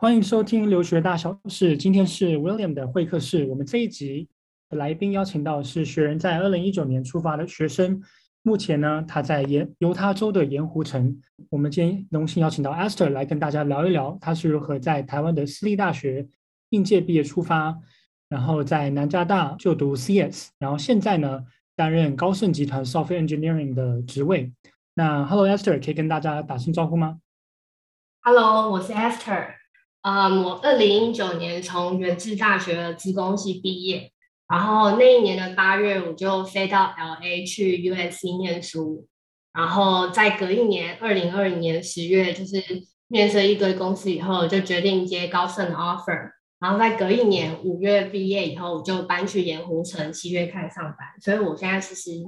歡迎收聽留學大小事。今天是 William 的會客室。我們這一集來賓邀請到的是學人在二零一九年出發的學生。目前呢，他在鹽猶他州的鹽湖城。我們今天榮幸邀請到 Esther 來跟大家聊一聊，她是如何在台灣的私立大學應屆畢業出發，然後在南加大就讀 CS，然後現在呢擔任高盛集團 Software Engineering 的職位。那 Hello Esther，可以跟大家打聲招呼嗎？Hello，我是 Esther，um。呃，我二零一九年從元智大學資工系畢業。然後那一年的八月，我就飛到 LA 去 USC 念書。然後再隔一年，二零二零年十月，就是面試一堆公司以後，就決定接高盛的 offer。然後再隔一年五月畢業以後，我就搬去鹽湖城，七月開始上班。所以我現在其實、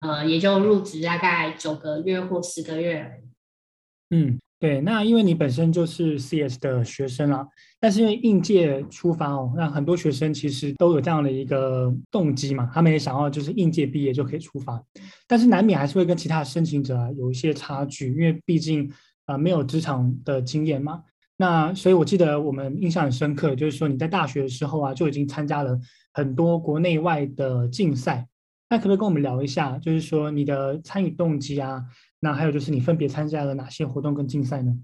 呃，也就入職大概九個月或十個月而已。嗯。對，那因為你本身就是 CS 的學生啊。但是因為應屆出發哦，那很多學生其實都有這樣的一個動機嘛，他們也想要就是應屆畢業就可以出發，但是難免還是會跟其他的申請者、啊、有一些差距，因為畢竟啊、呃、沒有職場的經驗嘛。那所以我記得我們印象很深刻，就是說你在大學的時候啊就已經參加了很多國內外的競賽，那可不可以跟我們聊一下，就是說你的參與動機啊？那還有就是你分別參加了哪些活動跟競賽呢？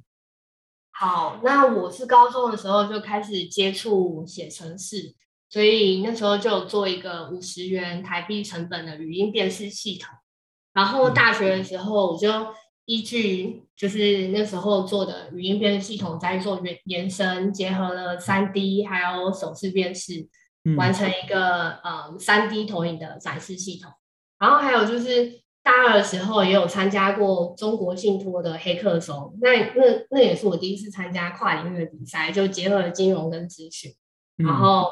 好，那我是高中的時候就開始接觸寫程式，所以那時候就做一個五十元台幣成本的語音辨識系統。然後大學的時候，我就依據就是那時候做的語音辨識系統，再做延延伸，結合了三 D 還有手勢辨識、嗯，完成一個呃三 D 投影的展示系統。然後還有就是。大二的時候也有參加過中國信托的黑客松，那那那也是我第一次參加跨領域的比賽，就結合了金融跟資訊、嗯。然後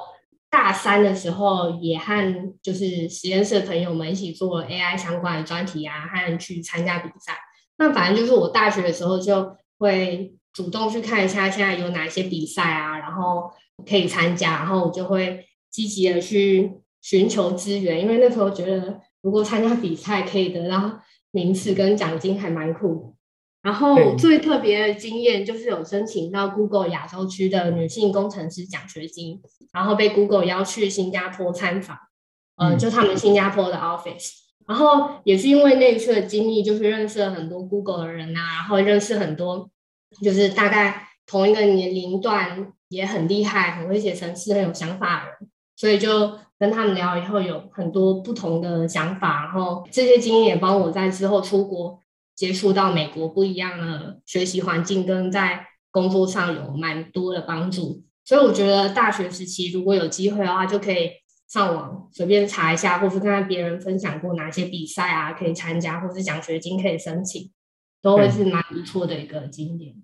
大三的時候也和就是實驗室的朋友們一起做 AI 相關的專題啊，和去參加比賽。那反正就是我大學的時候就會主動去看一下現在有哪些比賽啊，然後可以參加，然後我就會積極的去尋求資源，因為那時候覺得。如果參加比賽可以得到名次跟獎金，還蠻酷。然後最特別的經驗就是有申請到 Google 亞洲區的女性工程師獎學金，然後被 Google 邀去新加坡參訪，呃，就他們新加坡的 office、嗯。然後也是因為那一次的經歷，就是認識了很多 Google 的人吶、啊，然後認識很多就是大概同一個年齡段也很厲害、很會寫程式、很有想法的人，所以就。跟他們聊以後有很多不同的想法，然後這些經驗也幫我在之後出國接觸到美國不一樣的學習環境，跟在工作上有蠻多的幫助。所以我覺得大學時期如果有機會的話，就可以上網隨便查一下，或是看看別人分享過哪些比賽啊可以參加，或是獎學金可以申請，都會是蠻不錯的一個經驗。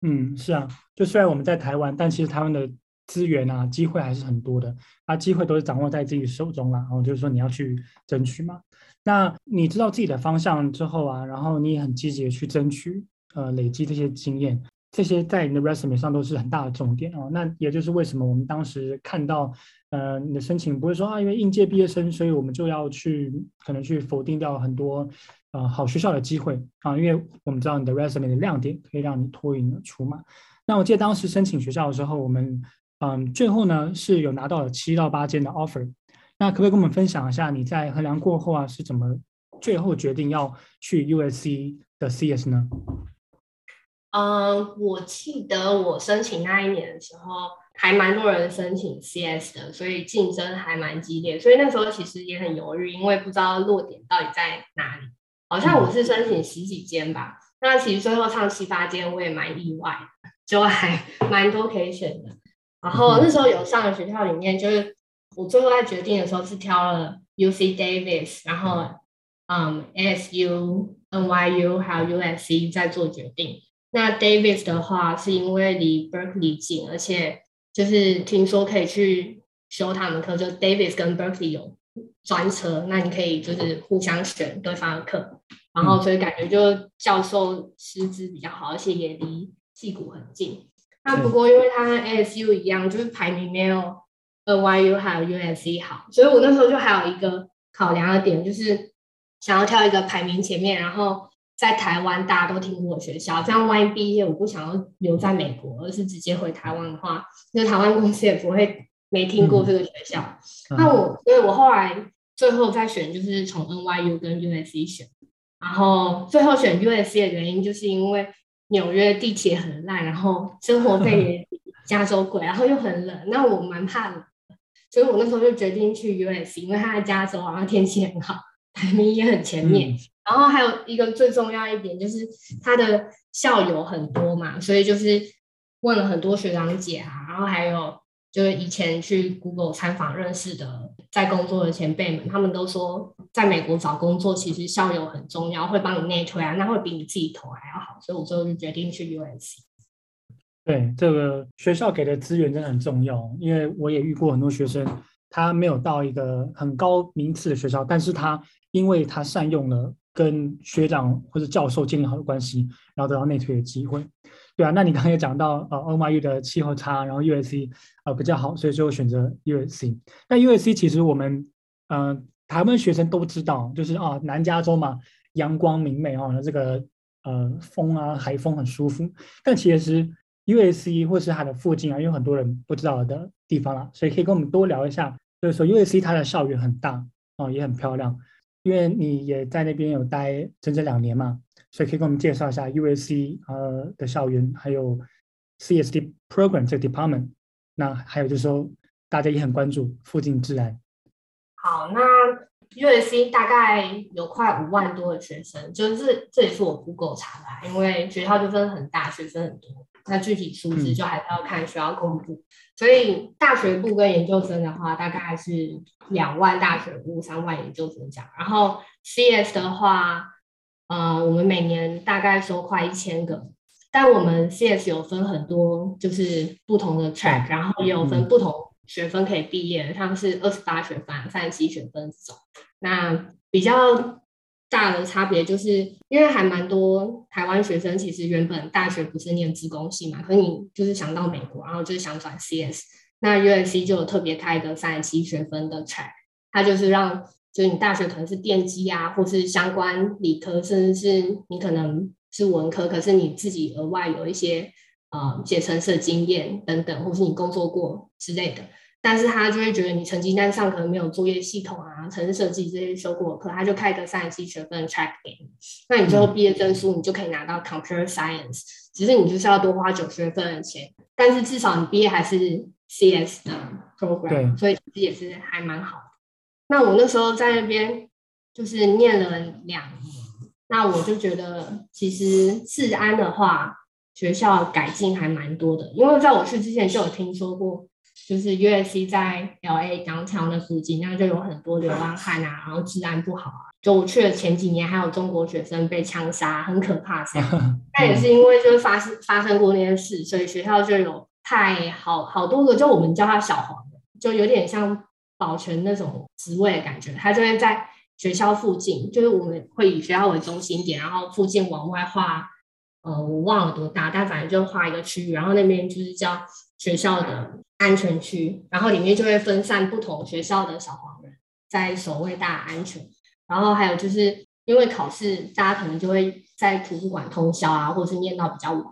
嗯，是啊，就雖然我們在台灣，但其實他們的。資源啊，機會還是很多的。啊，機會都是掌握在自己手中了。哦，然後就是說，你要去爭取嘛。那你知道自己的方向之後啊，然後你也很積極的去爭取，呃，累積這些經驗，這些在你的 resume 上都是很大的重點啊，哦，那也就是為什麼我們當時看到，呃，你的申請不會說啊，因為應屆畢業生，所以我們就要去可能去否定掉很多啊，呃，好學校的機會啊，因為我們知道你的 resume 的亮點可以讓你脫穎而出嘛。那我記得當時申請學校的時候，我們嗯，um，最後呢是有拿到了七到八間的 offer，那可不可以跟我們分享一下你在衡量過後啊是怎麼最後決定要去 USC 的 CS 呢？嗯，我記得我申請那一年的時候還蠻多人申請 CS 的，所以競爭還蠻激烈，所以那時候其實也很猶豫，因為不知道落點到底在哪裡。好像我是申請十幾間吧，嗯，那其實最後上七八間我也蠻意外，就還蠻多可以選的。然後那時候有上的學校裡面，就是我最後在決定的時候是挑了 UC Davis，然後嗯、um, ASU、NYU 還有 USC 在做決定。那 Davis 的話是因為離 Berkeley 近，而且就是聽說可以去修他們課，就 Davis 跟 Berkeley 有專車，那你可以就是互相選對方的課，然後所以感覺就教授師資比較好，而且也離硅谷很近。那不過，因為它跟 ASU 一樣，就是排名沒有 NYU 還有 USC 好，所以我那時候就還有一個考量的點，就是想要挑一個排名前面，然後在台灣大家都聽過的學校，這樣萬一畢業我不想要留在美國，而是直接回台灣的話，那台灣公司也不會沒聽過這個學校。嗯、那我，所以我後來最後再選就是從 NYU 跟 USC 選，然後最後選 USC 的原因就是因為。紐約地鐵很爛，然後生活費也加州貴，然後又很冷。那我蠻怕冷的，所以我那時候就決定去 USC，因為他在加州，然後天氣很好，排名也很前面。嗯。然後還有一個最重要一點就是他的校友很多嘛，所以就是問了很多學長姐啊，然後還有。就是以前去 Google 參訪認識的，在工作的前輩們，他們都說，在美國找工作其實校友很重要，會幫你內推啊，那會比你自己投還要好，所以我最後就決定去 USC。對，這個學校給的資源真的很重要，因為我也遇過很多學生，他沒有到一個很高名次的學校，但是他因為他善用了。跟學長或者教授建立好的關係，然後得到內推的機會，對啊。那你剛剛也講到啊、呃，歐馬玉的氣候差，然後 U S C 啊、呃、比較好，所以最後選擇 U S C。那 U S C 其實我們嗯、呃，台灣學生都知道，就是啊，南加州嘛，陽光明媚哦，這個呃風啊，海風很舒服。但其實 U S C 或是它的附近啊，有很多人不知道的地方了、啊，所以可以跟我們多聊一下。就是說 U S C 它的校園很大哦，也很漂亮。因為你也在那邊有待整整兩年嘛，所以可以跟我們介紹一下 USC 呃的校園，還有 CSD program 這個 department。那還有就是說，大家也很關注附近治安。好，那 USC 大概有快五萬多的學生，就是這也是我 Google 查的、啊，因為學校就分很大，學生很多。那具體數字就還是要看學校公布、嗯。所以大學部跟研究生的話，大概是兩萬大學部，三萬研究生這樣，然後 CS 的話、呃，我們每年大概收快一千個，但我們 CS 有分很多，就是不同的 track，然後也有分不同學分可以畢業，他們是二十八學分、三十七學分這種那比較，大的差別就是因為還蠻多台灣學生其實原本大學不是念資工系嘛，可是你就是想到美國，然後就是想轉 CS，那 USC 就有特別開一個三十七學分的 track，它就是讓就是你大學可能是電機啊，或是相關理科，甚至是你可能是文科，可是你自己額外有一些啊寫、呃、程式的經驗等等，或是你工作過之類的。但是他就會覺得你成績單上可能沒有作業系統啊，程式設計這些修過的課，他就開一個三十七學分的 track 給你。那你最後畢業證書你就可以拿到 Computer Science，其實你就是要多花九十分的錢，但是至少你畢業還是 CS 的 program，所以其實也是還蠻好的。那我那時候在那邊就是念了兩年，那我就覺得其實治安的話，學校改進還蠻多的，因為在我去之前就有聽說過。就是 U S C 在 L A 當場的附近，那就有很多流浪漢啊，然後治安不好啊。就我去了前幾年，還有中國學生被槍殺，很可怕噻。那也是因為就是發生發生過那些事，所以學校就有太好好多個，就我們叫他小黃，就有點像保全那種職位的感覺。他就會在學校附近，就是我們會以學校為中心點，然後附近往外畫，呃，我忘了多大，但反正就畫一個區域，然後那邊就是叫學校的。安全區，然後裡面就會分散不同學校的小黃人，在守衛大家安全。然後還有就是因為考試，大家可能就會在圖書館通宵啊，或者是念到比較晚，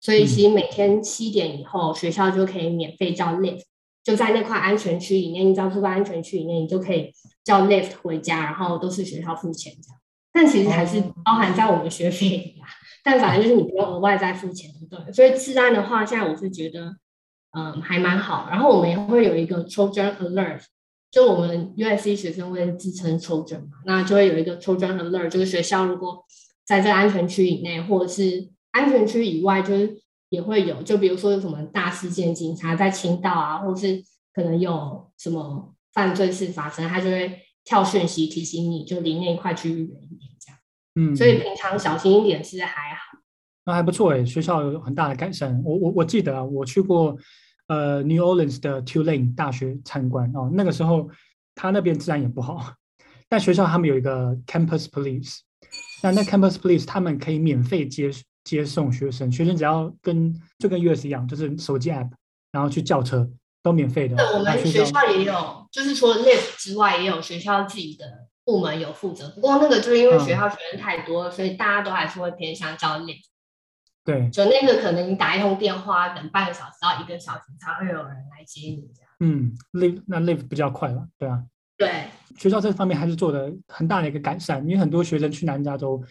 所以其實每天七點以後，學校就可以免費叫 lift，就在那塊安全區裡面，你只要住在安全區裡面，你就可以叫 lift 回家，然後都是學校付錢這樣。但其實還是包含在我們學費裡啊，但反正就是你不用額外再付錢，對了。所以治安的話，現在我是覺得。嗯，還蠻好。然後我們也會有一個 Trojan alert，就我們 U S C 學生會自稱 Trojan 嘛，那就會有一個 Trojan alert。這個學校如果在這個安全區以內，或者是安全區以外，就是也會有。就比如說有什麼大事件，警察在傾倒啊，或者是可能有什麼犯罪事發生，他就會跳訊息提醒你，就離那塊區域遠一點這樣。嗯，所以平常小心一點是還好。還不錯、欸、學校有很大的改善。我我我記得、啊、我去過，呃，New Orleans 的 Tulane 大學參觀哦。那個時候，他那邊治安也不好。但學校他們有一個 Campus Police，那那 Campus Police 他們可以免費接接送學生，學生只要跟就跟 US 一樣，就是手機 app，然後去叫車都免費的。那我們學校也有，就是說 Lyft 之外也有學校自己的部門有負責。不過那個就是因為學校學生太多了、嗯，所以大家都還是會偏向叫 Lyft。對，就那個可能你打一通電話，等半個小時到一個小時才會有人來接你這樣。嗯，live 那 live 比較快吧，對啊。對，學校這方面還是做的很大的一個改善，因為很多學生去南加州，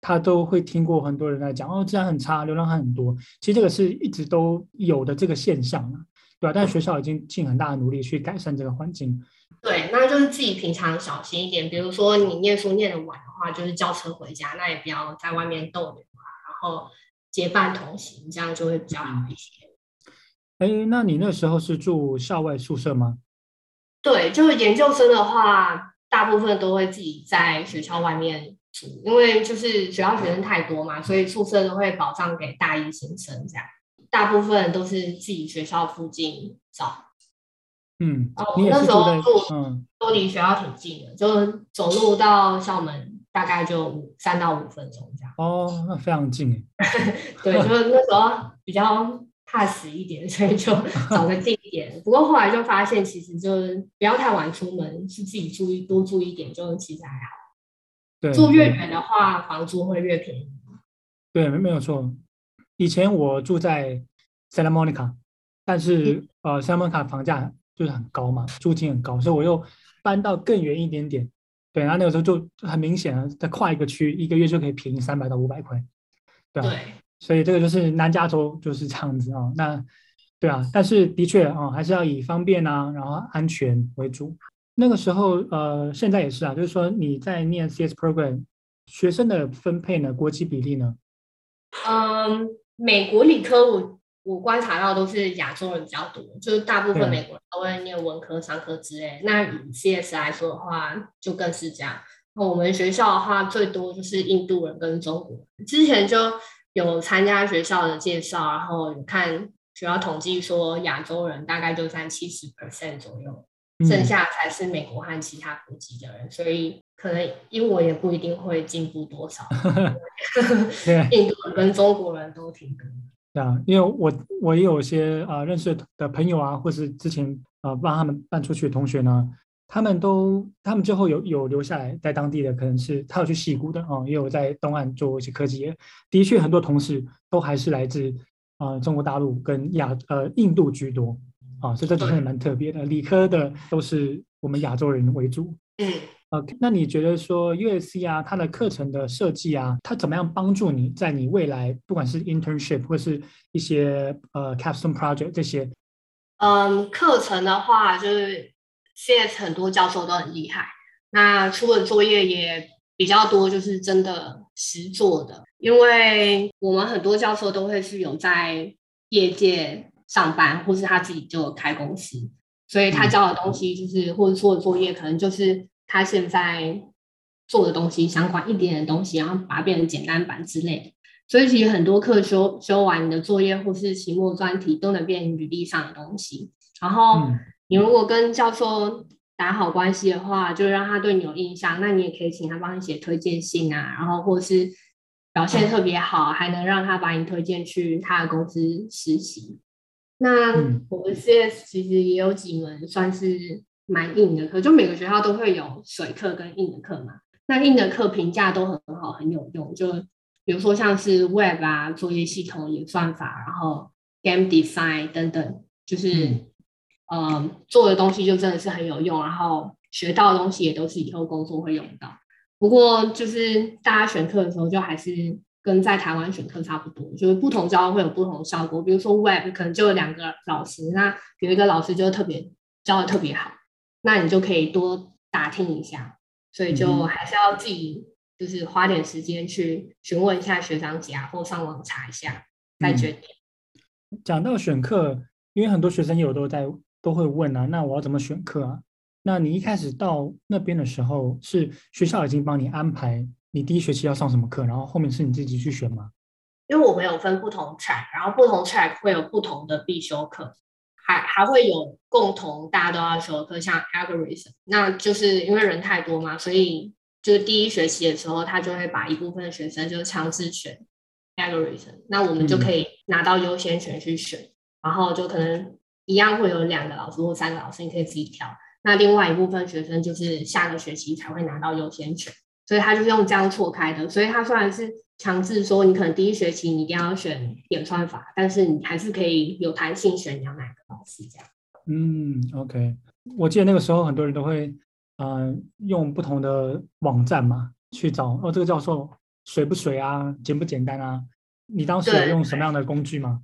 他都會聽過很多人來講哦，治安很差，流浪漢很多。其實這個是一直都有的這個現象啊，對吧？但是學校已經盡很大的努力去改善這個環境。對，那就是自己平常小心一點，比如說你念書念得晚的話，就是叫車回家，那也不要在外面逗留啊，然後。結伴同行，這樣就會比較好一些。誒，那你那時候是住校外宿舍嗎？對，就是研究生的話，大部分都會自己在學校外面住，因為就是學校學生太多嘛，所以宿舍都會保障給大一新生。這樣，大部分都是自己學校附近找。嗯，哦，那時候住、嗯、都離學校挺近的，就走路到校門。大概就三到五分鐘這樣。哦，那非常近 對，就那時候比較怕死一點， 所以就找的近一點。不過後來就發現，其實就是不要太晚出門，是自己注意多注意一點，就其實還好。對，住越遠的話、嗯，房租會越便宜。對，沒沒有錯。以前我住在 Santa Monica，但是、嗯、呃 Santa Monica 房價就是很高嘛，租金很高，所以我又搬到更遠一點點。對，然後那個時候就就很明顯啊，再跨一個區，一個月就可以便宜三百到五百塊，對、啊、對，所以這個就是南加州就是這樣子啊。那對啊，但是的確啊，還是要以方便啊，然後安全為主。那個時候呃，現在也是啊，就是說你在念 CS program，學生的分配呢，國際比例呢？嗯，美國理科我觀察到都是亞洲人比較多，就是大部分美國人都會念文科、商科之類。那以 CS 來說的話，就更是這樣。那我們學校的話，最多就是印度人跟中國人。之前就有參加學校的介紹，然後有看學校統計說，亞洲人大概就在七十 percent 左右，剩下才是美國和其他國籍的人。嗯、所以可能英文也不一定會進步多少。 印度人跟中國人都挺多。啊、yeah，因為我我也有些啊、呃、認識的朋友啊，或是之前啊、呃、幫他們搬出去的同學呢，他們都他們之後有有留下來在當地的，可能是他有去矽谷的啊、哦，也有在東岸做一些科技業。的確，很多同事都還是來自啊、呃、中國大陸跟亞呃印度居多啊、哦，所以這真的是蠻特別的。理科的都是我們亞洲人為主。嗯。 Okay. 那你覺得說 USC 啊，它的課程的設計啊，它怎麼樣幫助你在你未來，不管是 internship 或是一些呃 capstone project 這些？嗯，課程的話，就是現在很多教授都很厲害，那出的作業也比較多，就是真的實做的，因為我們很多教授都會是有在業界上班，或是他自己就開公司，所以他教的東西就是、嗯、或者做的作業，可能就是。他現在做的東西，相關一點點的東西，然後把它變成簡單版之類的。所以其實很多課修修完，你的作業或是期末專題都能變履歷上的東西。然後你如果跟教授打好關係的話，就讓他對你有印象。那你也可以請他幫你寫推薦信啊，然後或是表現特別好，嗯，還能讓他把你推薦去他的公司實習。那我們 CS 其實也有幾門、嗯、算是。蠻硬的課，就每個學校都會有水課跟硬的課嘛。那硬的課評價都很好，很有用。就比如說像是 Web 啊、作業系統、演算法，然後 Game Design 等等，就是嗯、呃、做的東西就真的是很有用，然後學到的東西也都是以後工作會用到。不過就是大家選課的時候，就還是跟在台灣選課差不多，就是不同教會有不同的效果。比如說 Web 可能就有兩個老師，那有一個老師就特別教得特別好。那你就可以多打聽一下，所以就還是要自己就是花點時間去詢問一下學長姐啊，或上網查一下再決定。嗯。講到選課，因為很多學生有都在都會問啊，那我要怎麼選課啊？那你一開始到那邊的時候，是學校已經幫你安排你第一學期要上什麼課，然後後面是你自己去選嗎？因為我們有分不同 track，然後不同 track 會有不同的必修課。還還會有共同，大家都要修的課，像 Algorithm 那就是因為人太多嘛，所以就是第一學期的時候，他就會把一部分學生就強制選 Algorithm 那我們就可以拿到優先權去選，嗯，然後就可能一樣會有兩個老師或三個老師，你可以自己挑。那另外一部分學生就是下個學期才會拿到優先權，所以他就用這樣錯開的。所以他雖然是。強制說你可能第一學期你一定要選演算法，但是你還是可以有彈性選你要哪個老師。這樣。嗯，OK。我記得那個時候很多人都會，嗯、呃，用不同的網站嘛，去找哦，這個教授水不水啊，簡不簡單啊？你當時有用什麼樣的工具嗎？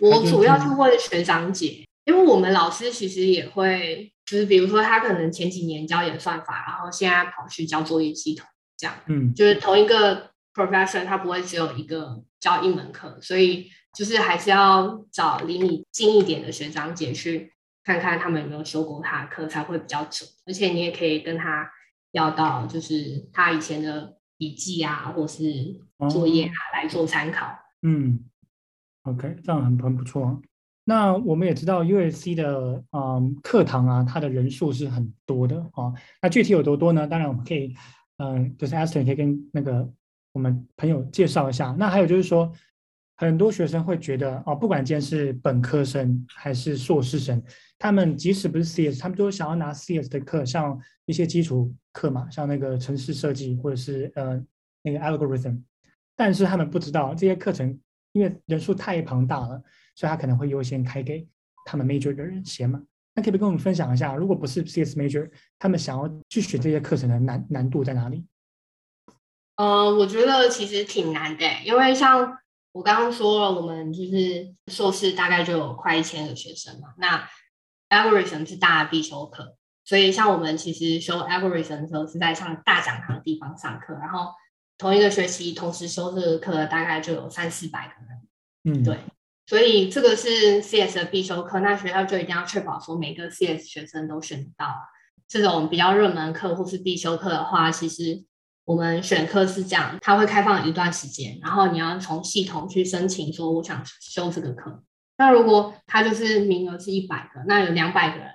我主要是會是學長姐，因為我們老師其實也會，就是比如說他可能前幾年教演算法，然後現在跑去教作業系統這樣。嗯，就是同一個。professor 他不會只有一個教一門課，所以就是還是要找離你近一點的學長姐去看看他們有沒有修過他的課才會比較準，而且你也可以跟他要到就是他以前的筆記啊或是作業啊、oh, 來做參考。嗯，OK，這樣很很不錯。那我們也知道 USC 的嗯課堂啊，它的人數是很多的啊、哦，那具體有多多呢？當然我們可以嗯、呃，就是 Esther 可以跟那個。我們朋友介紹一下，那還有就是說，很多學生會覺得哦，不管今天是本科生還是碩士生，他們即使不是 CS，他們都想要拿 CS 的課，像一些基礎課嘛，像那個程式設計或者是呃那個 algorithm，但是他們不知道這些課程，因為人數太龐大了，所以他可能會優先開給他們 major 的人選嘛。那可不可以跟我們分享一下，如果不是 CS major，他們想要去學這些課程的難難度在哪裡？呃，我覺得其實挺難的、欸，因為像我剛剛說了，我們就是碩士大概就有快一千個學生嘛。那 algorithm 是大的必修課，所以像我們其實修 algorithm 的時候是在上大講堂的地方上課，然後同一個學期同時修這個課大概就有三四百個人。嗯，對，所以這個是 CS 的必修課，那學校就一定要確保說每個 CS 學生都選得到這種比較熱門課或是必修課的話，其實。我們選課是這樣，它會開放一段時間，然後你要從系統去申請，說我想修這個課。那如果他就是名額是一百個，那有兩百個人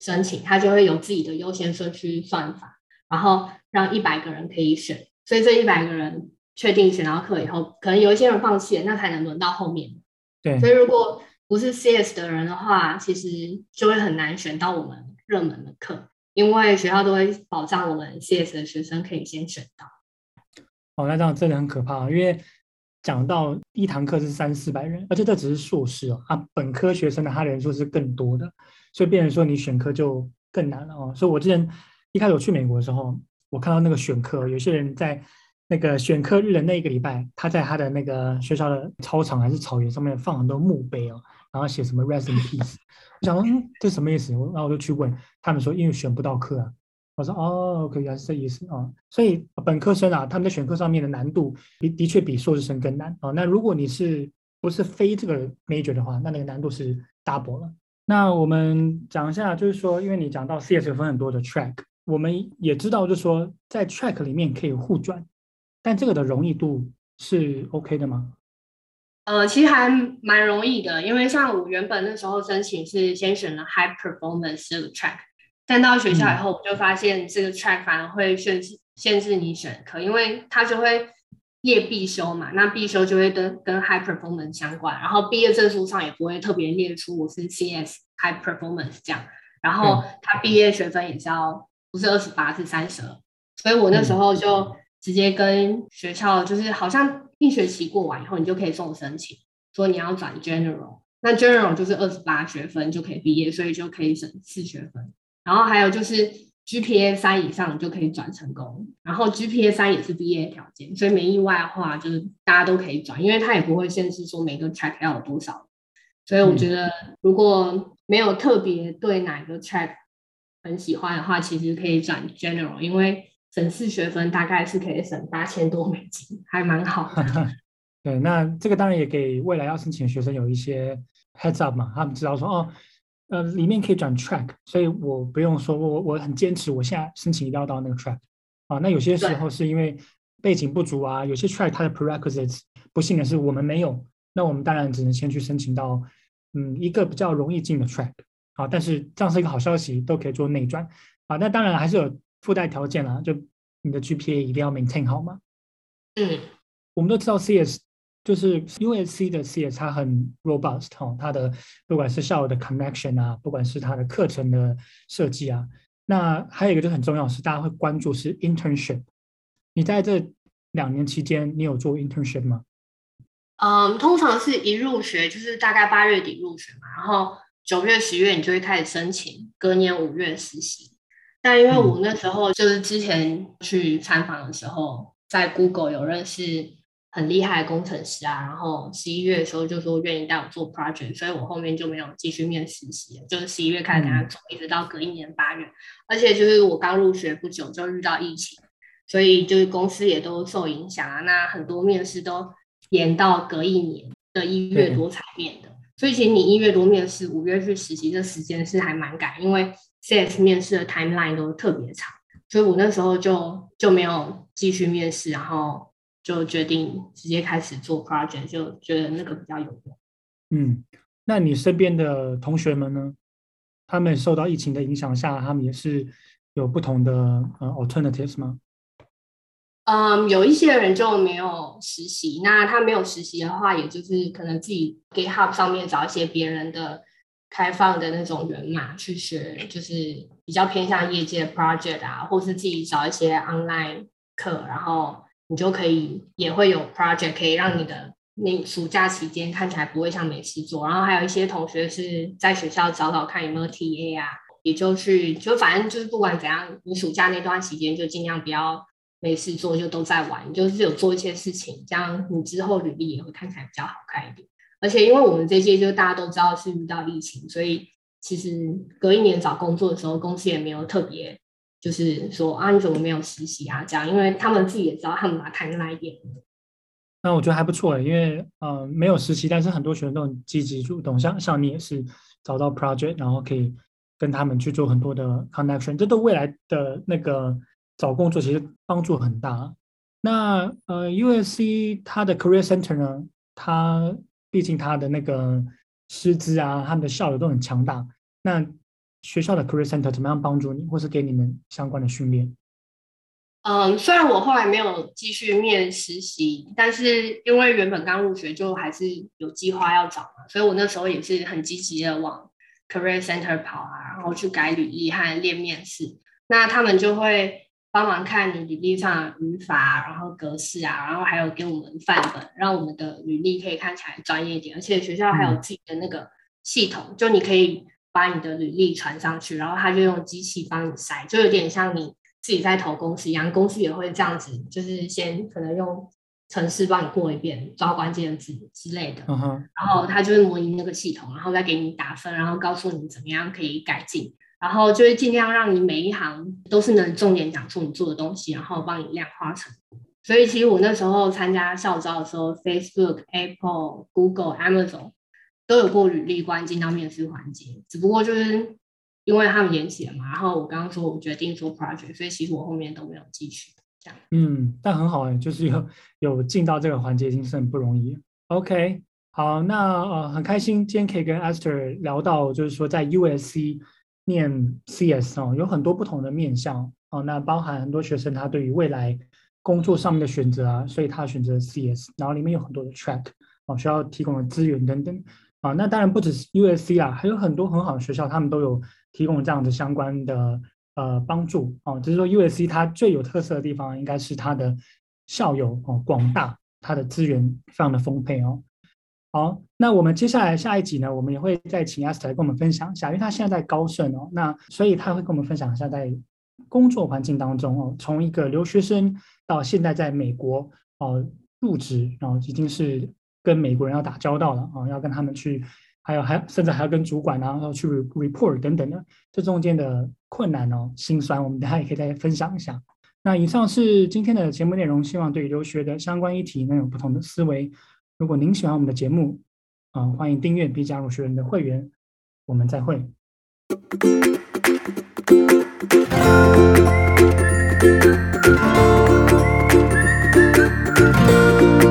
申請，他就會有自己的優先順序算法，然後讓一百個人可以選。所以這一百個人確定選到課以後，可能有一些人放棄了，那才能輪到後面。對。所以如果不是 CS 的人的話，其實就會很難選到我們熱門的課。因為學校都會保障我們 CS 的學生可以先選到。哦，那這樣真的很可怕，因為講到一堂課是三四百人，而且這只是碩士哦，啊，本科學生的他人數是更多的，所以變成說你選課就更難了哦。所以我之前一開始我去美國的時候，我看到那個選課，有些人在那個選課日的那一個禮拜，他在他的那個學校的操場還是草原上面放很多墓碑哦。然後寫什麼 rest in peace，我想說，嗯，這什麼意思？我然後我就去問他們說，因為選不到課啊，我說哦，OK，原來是這意思啊。所以本科生啊，他們在選課上面的難度的的確，確比碩士生更難啊、哦。那如果你是不是非這個 major 的話，那那個難度是 double 了。那我們講一下，就是說，因為你講到 CS 分很多的 track，我們也知道就是說，在 track 裡面可以互轉，但這個的容易度是 OK 的嗎？呃，其實還蠻容易的，因為像我原本那時候申請是先選了 high performance 這個 track，但到學校以後，我就發現這個 track 反而會限制限制你選課，因為它就會列必修嘛，那必修就會跟跟 high performance 相關，然後畢業證書上也不會特別列出我是 CS、嗯、high performance 這樣，然後他畢業學分也是要不是二十八是三十二，所以我那時候就直接跟學校，就是好像。一學期過完以後，你就可以送申請，說你要轉 general。那 general 就是二十八學分就可以畢業，所以就可以省四學分。然後還有就是 GPA 三以上就可以轉成功，然後 GPA 三也是畢業條件，所以沒意外的話，就是大家都可以轉，因為它也不會限制說每個 track 要有多少。所以我覺得如果沒有特別對哪個 track 很喜歡的話，其實可以轉 general，因為。省四學分大概是可以省八千多美金，還蠻好的。 對，那這個當然也給未來要申請的學生有一些 heads up 嘛，他們知道說哦，呃，裡面可以轉 track，所以我不用說，我我很堅持，我現在申請一定要到那個 track 啊。那有些時候是因為背景不足啊，有些 track 它的 prerequisites，不幸的是我們沒有，那我們當然只能先去申請到嗯一個比較容易進的 track 啊。但是這樣是一個好消息，都可以做內轉啊。那當然還是有。附帶條件啦、啊，就你的 GPA 一定要 maintain 好嗎？嗯，我們都知道 CS 就是 USC 的 CS 它很 robust 哦，它的不管是校友的 connection 啊，不管是它的課程的設計啊，那還有一個就很重要的是大家會關注是 internship。你在這兩年期間，你有做 internship 嗎？嗯，通常是一入學就是大概八月底入學嘛，然後九月十月你就會開始申請，隔年五月實習。但因為我那時候就是之前去參訪的時候，在 Google 有認識很厲害的工程師啊，然後十一月的時候就說願意帶我做 project，所以我後面就沒有繼續面實習，就是十一月開始跟他走，一直到隔一年八月。而且就是我剛入學不久就遇到疫情，所以就是公司也都受影響啊，那很多面試都延到隔一年的一月多才面的。所以其實你一月多面試，五月去實習，這時間是還蠻趕，因為。CS 面試的 timeline 都特別長，所以我那時候就就沒有繼續面試，然後就決定直接開始做 project，就覺得那個比較有用。嗯，那你身邊的同學們呢？他們受到疫情的影響下，他們也是有不同的、嗯、alternatives 嗎？嗯、um，有一些人就沒有實習，那他沒有實習的話，也就是可能自己 GitHub 上面找一些別人的。開放的那種源碼去學，就是比較偏向業界的 project 啊，或是自己找一些 online 課，然後你就可以也會有 project，可以讓你的那暑假期間看起來不會像沒事做。然後還有一些同學是在學校找找看有沒有 TA 啊，也就是就反正就是不管怎樣，你暑假那段時間就儘量不要。沒事做就都在玩，就是有做一些事情，這樣你之後履歷也會看起來比較好看一點。而且因為我們這些就大家都知道是遇到疫情，所以其實隔一年找工作的時候，公司也沒有特別就是說啊你怎麼沒有實習啊這樣，因為他們自己也知道把它談煩那一點。那我覺得還不錯，因為嗯、呃、沒有實習，但是很多學生都很積極主動，像像你也是找到 project，然後可以跟他們去做很多的 connection，這對未來的那個，找工作其實幫助很大。那呃，USC 它的 Career Center 呢？它畢竟它的那個師資啊，他們的校友都很強大。那學校的 Career Center 怎麼樣幫助你，或是給你們相關的訓練？嗯，雖然我後來沒有繼續面實習，但是因為原本剛入學就還是有計劃要找嘛，所以我那時候也是很積極的往 Career Center 跑啊，然後去改履歷和練面試。那他們就會。幫忙看你履歷上的語法啊，然後格式啊，然後還有給我們範本，讓我們的履歷可以看起來專業一點。而且學校還有自己的那個系統，就你可以把你的履歷傳上去，然後他就用機器幫你篩，就有點像你自己在投公司一樣，公司也會這樣子，就是先可能用程式幫你過一遍，抓關鍵字之類的。嗯，然後他就是模擬那個系統，然後再給你打分，然後告訴你怎麼樣可以改進。然後就是盡量讓你每一行都是能重點講出你做的東西，然後幫你量化成。所以其實我那時候參加校招的時候，Facebook、Apple、Google、Amazon 都有過履歷關進到面試環節，只不過就是因為他們延期了嘛。然後我剛剛說我決定做 project，所以其實我後面都沒有繼續這樣。嗯，但很好、欸、就是有、嗯、有進到這個環節已經是很不容易。OK，好，那呃很開心今天可以跟 Aster 聊到，就是說在 USC。念 CS 哦，有很多不同的面向哦，那包含很多學生他對於未來工作上面的選擇啊，所以他選擇 CS，然後裡面有很多的 track 哦，學校提供的資源等等啊、哦，那當然不只是 USC 啊，還有很多很好的學校，他們都有提供這樣的相關的呃幫助啊，只、哦就是說 USC 它最有特色的地方應該是它的校友哦，廣大，它的資源非常的豐沛哦。好，那我們接下來下一集呢，我們也會再請 Esther 來跟我們分享一下，因為他現在在高盛哦，那所以他會跟我們分享一下在工作環境當中哦，從一個留學生到現在在美國哦入職，然後已經是跟美國人要打交道了啊、哦，要跟他們去，還有還甚至還要跟主管、啊、然後要去 report 等等的，這中間的困難哦、心酸，我們等下也可以再分享一下。那以上是今天的節目內容，希望對留學的相關議題能有不同的思維。如果您喜歡我們的節目，啊、嗯，歡迎訂閱並加入學人的會員。我們再會。嗯